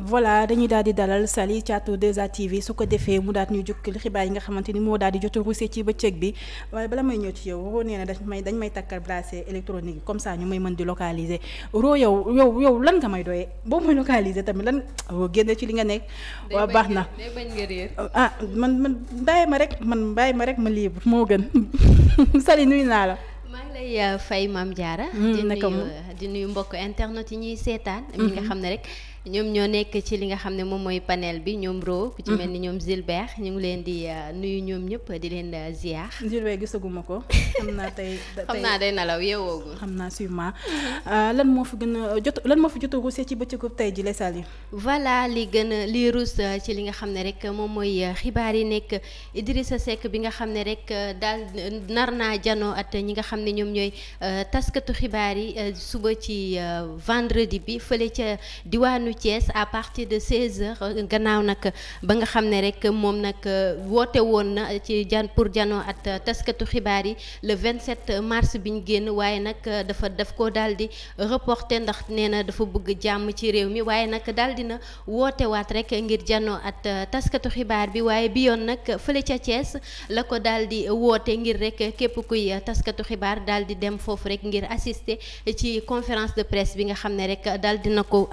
voilà dañuy daal di dalal Sali Thiatou 2A TV su ko defee mu daal ñu jukkil xibaa yi nga xamante ni moo daal di jot a ruuse ci bëccëg bi waaye bala may ñëw ci yow Ro nee na dañ may dañ may takkal bracelet électronique comme ça ñu may man di localiser Ro yow yow yow lan nga may doyee boo may localiser tamit lan Ro génne ci li nga nekk. waaw baax na ah man man bàyyi ma rek man bàyyi ma rek ma libre moo gën Sali nuy naa la. maa ngi lay euh, fay maam Diarra. Hmm, di nuyu euh, di nuyu mbokk internet yi ñuy seetaan. Hmm. mi nga xam ne rek. ñoom ñoo nekk ci li nga xam ne moom mooy panel bi ñoom Ro. ku ci mhm. mel ni ñoom Gilbert ñu ngi leen di euh, nuyu ñoom ñëpp di leen euh, ziar. gisaguma ko xam naa tey. xam naa day nalaw xam naa sûrement mhm. euh, lan moo fi gën a jot lan moo fi jot a ruusee ci bëccëgu tey ji les Sali. voilà gën a li ruus ci li nga xam ne rek moom mooy xibaar yi nekk Idrissa Seck bi nga xam ne rek daal nar naa janoo at ñi nga xam ne ñoom ñooy taskatu xibaar yi suba ci vendredi bi fële ca diwaanu. diwaanu Thiès à partir de 16h gannaaw nag ba nga xam ne rek moom nag woote woon na ci jan pour janoo at taskatu xibaar yi le 27 mars bi ñu génn waaye nag dafa daf ko daal di reporté ndax nee na dafa bëgg jàmm ci réew mi waaye nag daal dina wootewaat rek ngir janoo at taskatu xibaar bi waaye bi yoon nag fële ca Thiès la ko daal di woote ngir rek képp kuy taskatu xibaar daal di dem foofu rek ngir assister ci conférence de presse bi nga xam ne rek daal dina ko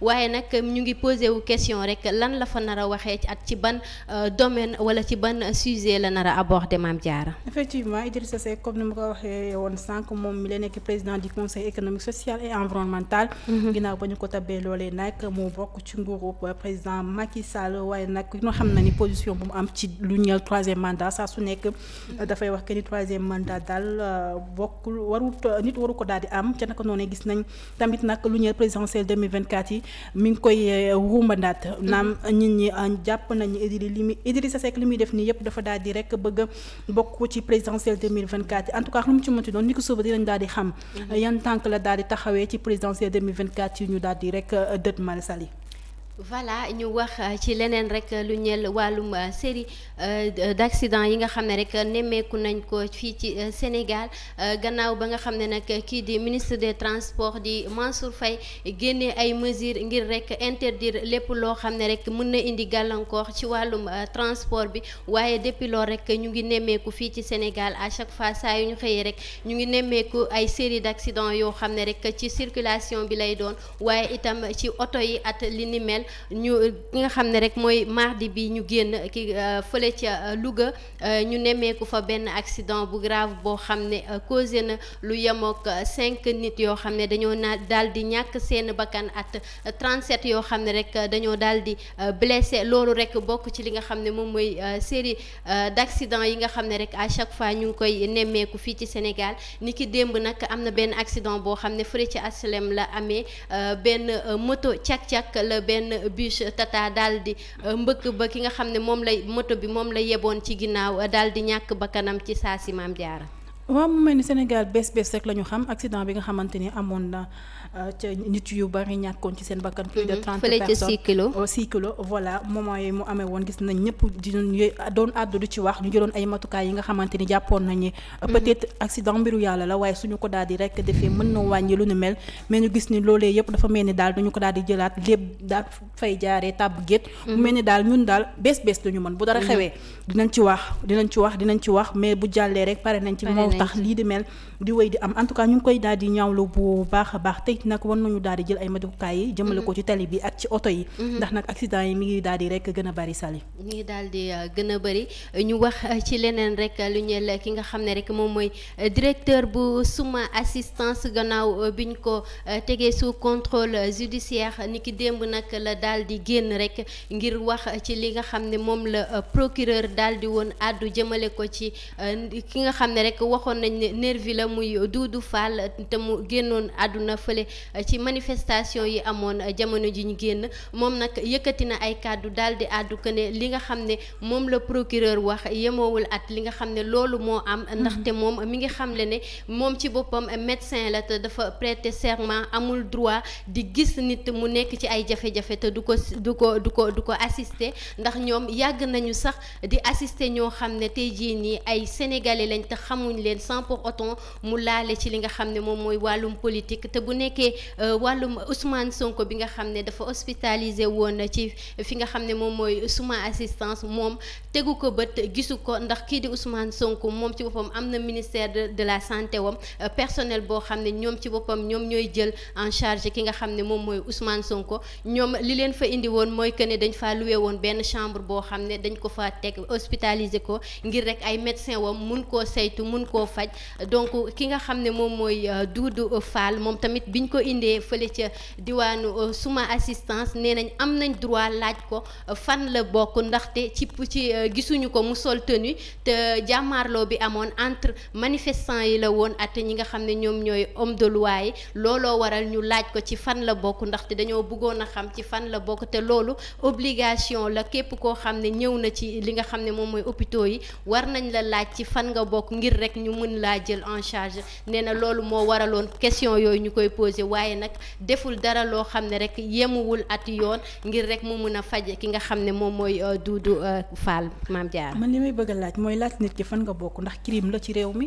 waaye nag ñu ngi posé wu question rek lan la fa nar a waxee ci at ci ban euh, domaine wala ci ban sujet la nar a aborder Mame Diarra. effectivement Idrissa Seck comme ni ma ko waxee woon sànq moom mi la nekk président du conseil économique social et environnemental. Mhm. ginnaaw ba ñu ko tabbee loolee nag mu bokk ci nguuru euh, président Macky Sall waaye nag ñu xam na ni position bu mu am ci lu ñeel troisième mandat saa su nekk mhm. dafay wax que ni troisième mandat daal euh, bokkul warut nit waru ko daal di am ca naka noonu gis nañ tamit nag lu ñeel présidentielle 2024 yi. mi ngi koy wumbandaat eh, naam nit ñi ah, jàpp nañu Idrissa li muy Idrissa Seck li muy def nii yëpp dafa daal di rek bëgg a bokk ci présidentielle 2024 en tout cas lu mu ci mënti doon ni ko suba dinañ daal di xam mhm. yan tànk la daal di taxawee ci présidentielle 2024 yi ñu daal di rek eh, dët voilà ñu wax euh, ci leneen rek euh, lu ñeel wàllum euh, série d'accident yi nga xam ne rek nemmeeku nañ ko fii ci Sénégal gannaaw ba nga xam ne nag kii di ministre des transports di Mansour Faye génnee ay mesures ngir rek interdire lépp loo xam ne rek mën na indi gàllankoor ci wàllum transport bi waaye depuis loolu rek ñu ngi nemmeeku fii ci Sénégal à chaque fois saa yu ñu xëyee rek ñu ngi nemmeeku ay série d'accident yoo xam ne rek ci circulation bi lay doon ñu ki nga xam ne rek mooy mardi bi ñu génn ki euh, fële ca euh, Louga euh, ñu nemmeeku fa benn accident bu grave boo xam ne causé na lu yemook cinq nit yoo xam ne dañoo naa daal di ñàkk seen bakkan at 37 yoo xam ne rek dañoo daal di blessé loolu rek bokk ci li nga xam ne moom mooy série d'accident yi nga xam ne rek à chaque fois ñu ngi koy nemmeeku fii ci Sénégal ni ki démb nag am na benn accident boo xam ne fële ci aslem la amee benn moto cak-cak la benn benn bus tata daal di euh, mbëkk ba ki nga xam ne moom la moto bi moom la yeboon ci ginnaaw daal di ñàkk kanam ci saa simaam maam jaara waaw mu mel ni Sénégal bés bés rek la xam accident bi nga xamante ni amoon na euh, ca nit yu bari ñàkkoon ci seen bakkan. plus de mhm. trente personnes six kilos oh, six voilà moment yooyu mu amee woon gis nañ ñëpp di doon àddu du ci wax ñu jëloon ay matukaay yi nga xamante ni jàppoon nañu euh, mhm. peut-être accident mbiru yàlla la waaye suñu ko daal di rek defee mën na wàññi lu ñu mel mais ñu gis ni loolee yëpp dafa mel ni daal dañu ko daal di jëlaat lépp daal fay jaaree tàbb gétt mu mhm. mel ni daal ñun daal bés bés ñu mën bu dara xewee dinañ ci wax dinañ ci wax dinañ ci wax mais bu jàllee rek pare nañ ci moom moo tax lii di mel di wéy di am en ñu ngi koy daal di bu baax a baax tey nag war nañu daal jël ay matukaay yi jëmale ko mm-hmm. ci tali bi mm-hmm. ngi daal di rek a uh, a ñu wax uh, ci leneen rek uh, lu ñeel ki nga xam ne rek moom mooy directeur bu suma assistance gannaaw bi ñu ko tegee su contrôle judiciaire ni ki démb nag la daal di génn rek ngir wax ci li nga xam ne moom la procureur daal di woon àddu jëmale ko ci ki nga xam ne rek wax waxoon nañ ne nervi la muy du Fall te mu génnoon àdduna fële eh, ci manifestation yi amoon eh, jamono ji ñu génn moom nag yëkkati na ay kàddu daal di àddu que ne li nga xam ne moom la procureur wax yemoowul at li nga xam ne loolu moo am ndax mm-hmm. ndaxte moom mi ngi xamle ne moom ci boppam médecin la te dafa prêter serment amul droit di gis nit mu nekk ci ay jafe-jafe te du ko du ko du ko du ko assister ndax ñoom yàgg nañu sax di assister ñoo xam ne tey jii nii ay sénégalais lañ te xamuñ leen leen sans pour autant mu laale ci li nga xam ne moom mooy wàllum politique te bu nekkee euh, wàllum Ousmane Sonko bi nga xam ne dafa hospitalisé woon ci fi nga xam ne moom mooy suma assistance moom tegu ko bët gisu ko ndax kii di Ousmane Sonko moom ci boppam am na ministère de la santé wam euh, personnel boo xam ne ñoom ci boppam ñoom ñooy jël en charge ki nga xam ne moom mooy Ousmane Sonko ñoom li leen fa indi woon mooy que ne dañ faa loué woon benn chambre boo xam ne dañ ko fa teg hospitalisé ko ngir rek ay médecin wam mun koo saytu mun koo koo faj donc ki nga xam ne moom mooy euh, Doudou Fall moom tamit ñu ko indee fële ca diwaanu euh, suma assistance nee nañ am nañ droit laaj ko euh, fan la bokk ndaxte ci ci gisuñu ko mu sol tenue te jàmmaarloo bi amoon entre manifestant yi la woon at ñi nga xam ne ñoom ñooy homme de looloo waral ñu laaj ko ci fan la bokk ndaxte dañoo bëggoon a xam ci fan la bokk te loolu obligation la képp koo xam ne ñëw na ci li nga xam ne moom mooy hôpitaux yi war nañ la laaj ci fan nga bokk ngir rek mën laa jël en charge nee na loolu moo waraloon question yooyu ñu koy posé waaye nag deful dara loo xam ne rek yemuwul at yoon ngir rek mu mun a faj ki nga xam ne moom mooy euh, du euh, Fall Mame Diarra man li may bëgg a laaj mooy laaj nit ki fan nga bokk ndax crime la ci réew mi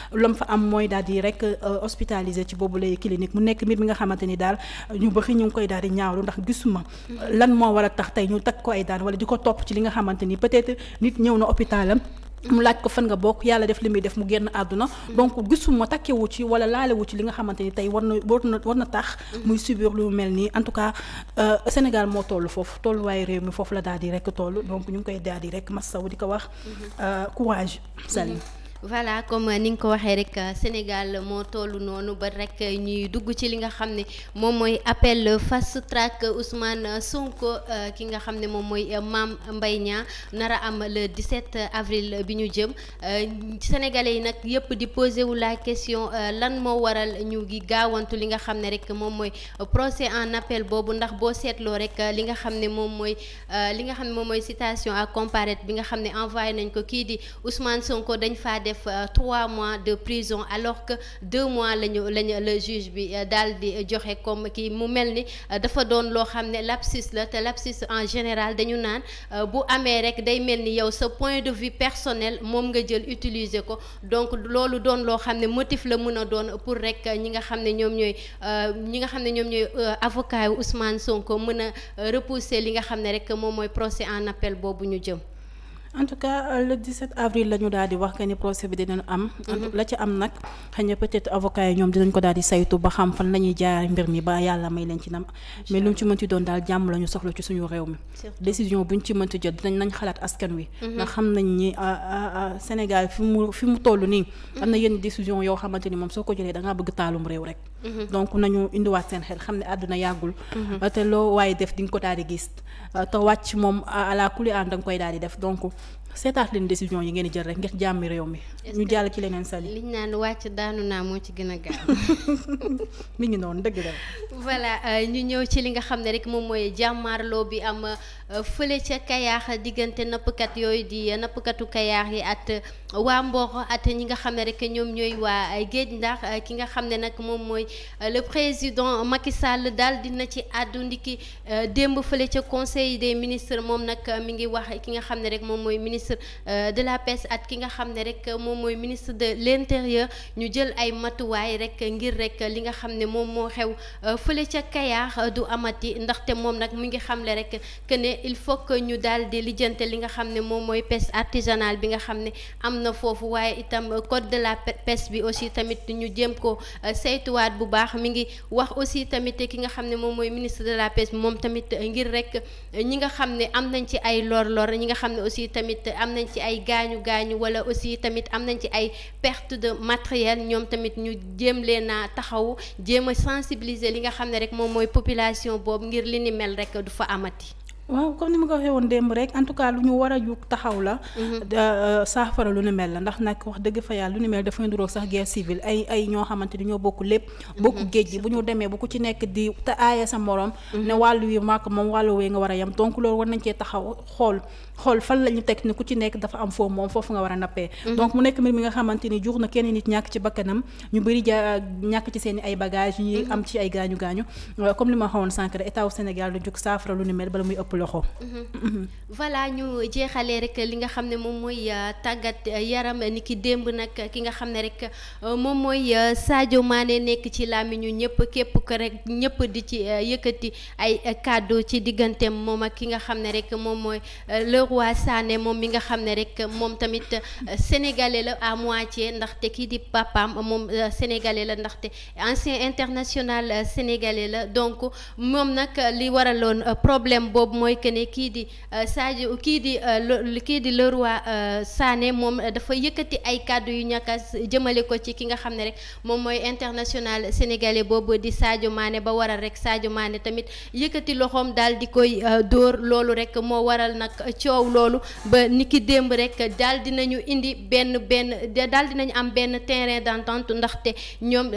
lam fa am mooy daal di rek euh, hospitalisé ci boobu lay clinique mu nekk mbir mi nga xamante ni daal ñu bëri ñu ngi koy daal di ñaaru ndax gisuma mm-hmm. lan moo war a tax tey ñu takk ko ay daan wala di ko topp ci li nga xamante ni peut-être nit ñëw na hôpitalam mu laaj ko fan nga bokk yàlla def li muy def mu génn àdduna mm-hmm. donc gisuma takkewu ci wala laalewu ci li nga xamante ni tey war na war na war na tax mm-hmm. muy subir lu mel nii en tout cas euh, Sénégal moo toll foofu tolluwaayu réew mi foofu la daal di rek toll donc ñu ngi koy daal rek massaw di ko wax euh, courage Salim voilà comme ni nga ko waxee rek Sénégal moo toll noonu ba rek ñuy dugg ci li nga xam ne moom mooy appel fast track Ousmane Sonko euh, ki nga xam ne moom mooy euh, Mame Mbaye nar a am le 17 avril bi ñu jëm euh, sénégalais yi nag yëpp di posé wu la question lan moo waral ñu gi gaawantu li nga xam ne rek moom mooy procès en appel boobu ndax boo seetloo rek li nga xam ne moom mooy li nga xam ne moom mooy citation à comparaître bi nga xam ne envoyé nañ ko kii di Ousmane Sonko dañ faa def euh, trois mois de prison alors que deux mois lañu lañu le juge bi euh, daal di joxe comme kii mu mel ni euh, dafa doon loo xam ne lapsus la te lapsus en général dañu naan bu amee rek day mel ni yow sa point de vue personnel moom nga jël utiliser ko donc loolu doon loo xam ne motif la mën a doon pour rek ñi nga xam ne ñoom ñooy ñi nga xam ne ñoom ñooy avocat yu mën a repousser li nga xam ne rek moom mooy procès en appel boobu ñu jëm. en tout cas euh, le 17 avril la ñu daal di wax que ni procès bi dinañu am. Mhm. la ci am nag xëy na peut-être avocat yi ñoom dinañ ko daal di saytu ba xam fan la ñuy jaar mbir mi ba yàlla may leen ci nam mais lu mu ci mënti doon daal jàmm la ñu soxla ci suñu réew mi. ci mënti jot dinañ nañ xalaat askan wi. Mhm. ndax xam nañ ni ah, ah, ah, Sénégal fi mu fi mu toll nii. Mhm. am na yenn décision yow xamante ni moom soo ko jëlee da ngaa bëgg taalum réew rek. donc nañu indiwaat seen xel xam ne àdduna yàggul. te loo waaye def di nga ko daal di gis te wàcc moom à la coulée da nga koy daal di def donc seetaat leen décision yi ngeen jël rek ngir jàmmi réew mi. ñu jàll ci leneen sali liñ naan wàcc daanu naa moo ci gën a gaaw mi ngi noonu dëgg la voilà euh, ñu ñëw ci li nga xam ne rek moom mooy jàmmaarloo bi am euh, fële ca kayaax diggante nappkat yooyu di euh, nappkatu kayaax yi at waa Mboro at ñi nga xam ne rek ñoom ñooy waa géej ndax ki nga xam ne nag moom mooy le président Macky Sall daal dina ci àddu ndiki démb fële ca conseil de ministres moom nag mi ngi wax ki nga xam ne rek moom mooy ministre de la pêche at ki moom mooy ministre de l'intérieur ñu jël ay matuwaay rek ngir rek li nga xam ne moom moo xew euh, fële ca Kayar euh, du amat amati ndaxte moom nag mu ngi xamle rek que ne il faut que ñu daal di lijjante li nga xam ne moom mooy pêche artisanale bi nga xam ne am na foofu waaye itam code de la pêche bi aussi tamit ñu jéem ko euh, saytuwaat bu baax mi ngi wax aussi tamit ki nga xam ne moom mooy ministre de la pêche moom tamit ngir rek ñi nga xam ne am nañ ci ay lor-lor ñi nga xam ne am nañ ci ay gaañu gaañu wala aussi tamit am am nañ ci ay perte de matériel ñoom tamit ñu jéem leen a taxaw jéem a sensibiliser li nga xam ne rek moom mooy population boobu ngir li ni mel rek du fa amati. waaw comme ni mu ko waxee woon démb rek en tout cas lu ñu war a jug taxaw la. Mhm. Euh, euh, saafara lu ni mel la ndax nag wax dëgg fa yàlla lu ni mel dafa ñu duroog sax guerre ñoo xamante ni ñoo bokk lépp. Mhm. géej gi bu ñu demee bu ku ci nekk di te aaye sa morom. Mhm. wàllu wi màkk moom wàllu wee nga war a yem donc loolu war nañ cee taxaw xool xool fan la ñu ni ku ci nekk dafa am foofu moom foofu nga war a nappee. donc mu nekk mbir mi nga xamante ni jur na kenn nit ñàkk ci bakkanam ñu bëri ja ci seen i ay bagages ñi am ci ay gaañu gaañu euh, comme li ma waxoon sànq état wu Sénégal du muy ëpp loxo. Mhm. voilà ñu jeexalee rek li nga xam ne moom mooy euh, tàggat yaram ni ki démb nag ki nga xam ne rek euh, moom mooy euh, Sadio Mané nekk ci làmmiñu ñëpp képp ko rek ñëpp di ci yëkkati ay kàddu ci digganteem moom ak ki nga xam ne rek moom mooy Leroy sànne moom mi nga xam ne rek moom tamit sénégalais la à moitié ndaxte kii di papaam moom sénégalais la ndaxte ancien international sénégalais la donc moom nag li waraloon problème boobu. mooy que ne kii di euh, Sadio kii di euh, kii di Leroy euh, Sané moom dafa yëkkati ay kàddu yu ñàkkas jëmale ko ci ki nga xam ne rek moom mooy international sénégalais boobu di Sadio maane ba waral rek Sadio maane tamit yëkkati loxoom daal di koy dóor loolu rek moo waral nag coow loolu ba niki démb rek daal nañu indi benn benn daal dinañu am benn terrain d'entente ndaxte ñoom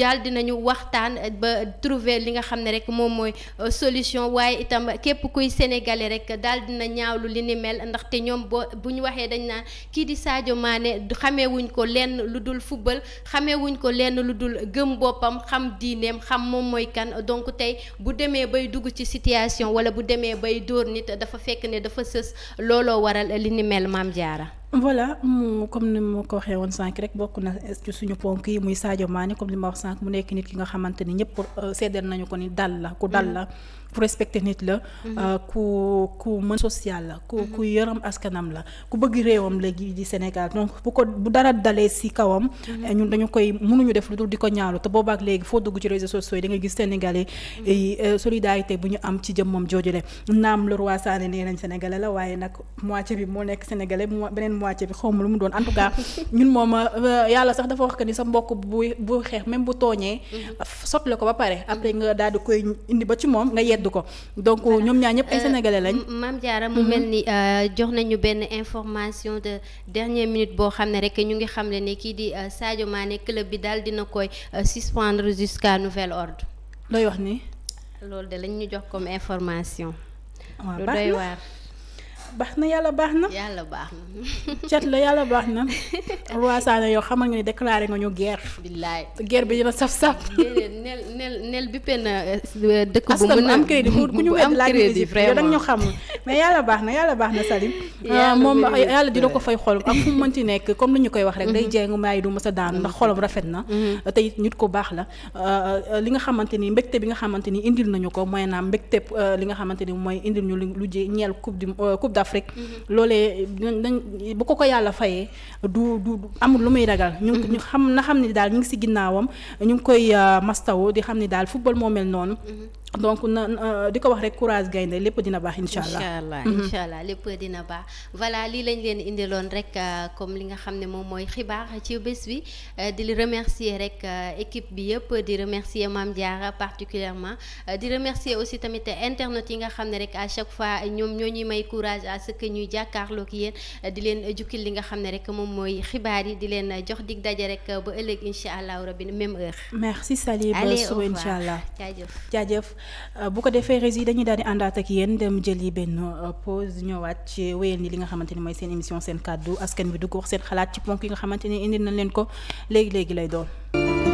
daal dinañu waxtaan ba trouver li nga xam ne rek moom mooy solution waaye itam képp kuy sénégalais rek daal na ñaawlu li ni mel ndaxte ñoom boo bu ñu waxee dañ naan kii di Sadio Mané xameewuñ ko lenn lu dul football xameewuñ ko lenn lu dul gëm boppam xam diineem xam moom mooy kan donc tey bu demee bay dugg ci situation wala bu demee bay dóor nit dafa fekk ne dafa sës looloo waral li maam jaara voilà mu comme ni ma ko waxee woon sànq rek bokk na ci suñu ponk yi muy Sadio Mané comme li ma wax sànq mu nekk nit ki nga xamante ni ñëpp euh, seddal nañu ko ni dal la ku dal la mm-hmm. ku respecté nit la. Mm-hmm. Euh, ku ku mën social la. ku ku mm-hmm. yërëm askanam la ku bëgg réewam léegi di Sénégal donc bu ko bu dara dalee si kawam. Eh, ñun dañu koy mënuñu def lu dul di ko ñaalu te boobaak léegi foo dugg ci réseaux sociaux yi da ngay gis sénégalais yi euh, solidarité bu ñu am ci jëm moom joojule naam le roi Sané nee nañ sénégalais la waaye nag moitié bi moo nekk sénégalais même moitié bi xaw ma lu mu doon en tout cas ñun moom euh, yàlla sax dafa wax que ni sa mbokk bu bu xeex même bu tooñee. Mhm. sotle ko ba pare après nga daal di koy indi ba ci moom nga yedd ko donc ñoom ñaar ñëpp ay euh, lañ. maam Diarra mu mel mhm. ni euh, jox nañu benn information de dernière minute boo xam ne rek ñu ngi xam ne kii di Sadio Mané club bi daal dina koy suspendre jusqu'à nouvel ordre. looy wax ni. loolu de lañ ñu jox comme information. Ah, lu doy waar. baax na yàlla baax na. yàlla baax na. cat la yàlla baax na. roi Sané yow xamal nga ni déclaré nga ñu guerre. ger bi dina saf saf. déedéet nel nel nel bi penn euh, dëkk bu. mën a ku ñu wér laaj. am crédit vraiment yow da ñu xamul. mais yàlla baax na yàlla baax na Salim ah, moom yàlla dina ko fay xol ak fu mu nekk comme li ñu koy wax rek day mhm. jeng maay du mës a daanu ndax xolam rafet na mhm. euh, te it nit ko baax la euh, euh, li nga xamante ni mbégte bi nga xamante ni indil nañu ko mooy naam mbégte li nga xamante ni mooy indil ñu lu ji ñeel coupe du coupe d'Afrique mhm. loole dañ bu ko ko yàlla fayee du du amul lu muy ragal ñu ñu xam na xam ni daal ñu ngi si ginnaawam ñu ngi koy mastaw di xam ni daal football moo noonu donc na di ko wax rek courage gaynde lépp dina baax incha allah incha allah mhm. lépp dina baax voilà lii lañ leen indiloon rek euh, comme li nga xam ne moom mooy xibaar ci bés bi euh, di remercier rek euh, équipe bi yëpp di remercier Mame Diarra particulièrement di remercier aussi tamit internautes yi nga xam ne rek à chaque fois ñoom ñoo ñuy may courage à ce que ñuy jàkkaarloo ak yéen di leen jukkil li nga xam ne rek moom mooy xibaar yi di leen jox dig daje rek ba ëllëg incha allah rabbi même heure. merci Sali ba suba incha allah jaajëf jaajëf Euh, bu ko defee rési dañuy daal di àndaat ak yéen dem yi benn euh, pose ñëwaat ci wéyal ni li nga xamante ni mooy seen émission seen kàddu askan bi dugg wax seen xalaat ci ponk yi nga xamante ni indi nañ leen ko léegi léegi lay doon.